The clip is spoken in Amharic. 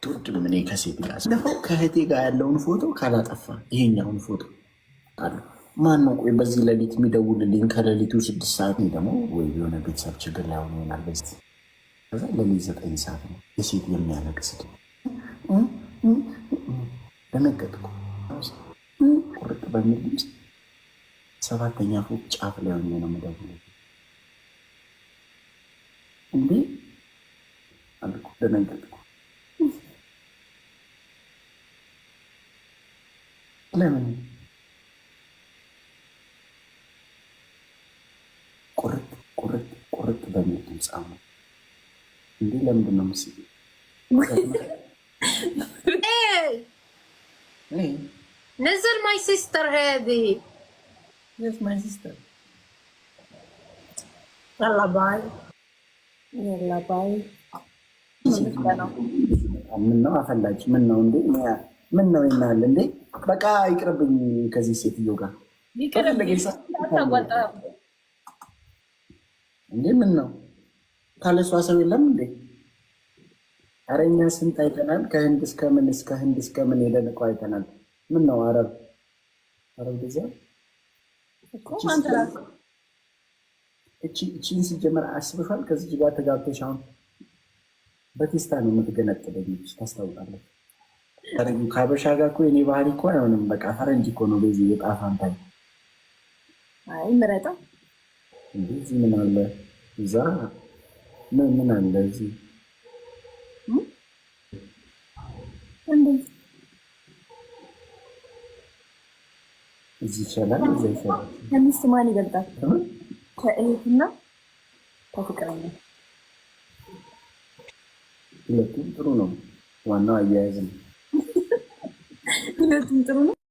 አትወድም። እኔ ከሴት ጋር ስለፈው ከእህቴ ጋር ያለውን ፎቶ ካላጠፋ ይሄኛውን ፎቶ አሉ ማን ነው? ቆይ በዚህ ሌሊት የሚደውልልኝ ከሌሊቱ ስድስት ሰዓት ደግሞ ወይ የሆነ ቤተሰብ ችግር ላይ ሆኖ ይሆናል። በዚህ ከዛ ሌሊት ዘጠኝ ሰዓት ነው የሴት የሚያለቅስ ደነገጥኩ። ቁርጥ በሚል ድምፅ ሰባተኛ ፎቅ ጫፍ ላይ ሆኜ ነው የምደውለው። እንዴ አልኩ፣ ደነገጥኩ ለምን ቁርጥ ቁርጥ ቁርጥ በሚል ድምፅ አሙ እንዴ! ለምንድን ነው ምስ نزل ماي سيستر هذه يس ماي سيستر يلا باي يلا باي ምነው አፈላጭ? ምነው እንዴ ምን ነው ይናል እንዴ? በቃ ይቅርብኝ ከዚህ ሴትዮ ጋር እንዴ። ምን ነው ካለሷ ሰው የለም እንዴ? ኧረ እኛ ስንት አይተናል። ከህንድ እስከ ምን እስከ ህንድ እስከ ምን ሄደን እኮ አይተናል። ምን ነው አረብ አረብ ጊዜ እቺን ሲጀመር አስብሻል። ከዚህ ጋር ተጋብተሽ አሁን በቴስታ ነው የምትገነጥለኝ ታስታውቃለች። ከሀበሻ ጋር እኮ የኔ ባህሪ እኮ አይሆንም። በቃ ፈረንጅ እኮ ነው በዚህ የጣፋንታይ አይ ምረጣ እንደዚህ ምን አለ እዛ ምን ምን አለ እዚህ እዚህ ይቻላል እዛ ይቻላል። ከሚስት ማን ይበልጣል? ከእህትና ከፍቅረኛ ሁለቱም ጥሩ ነው። ዋናው አያያዝ ነው። ጥሩ ነው።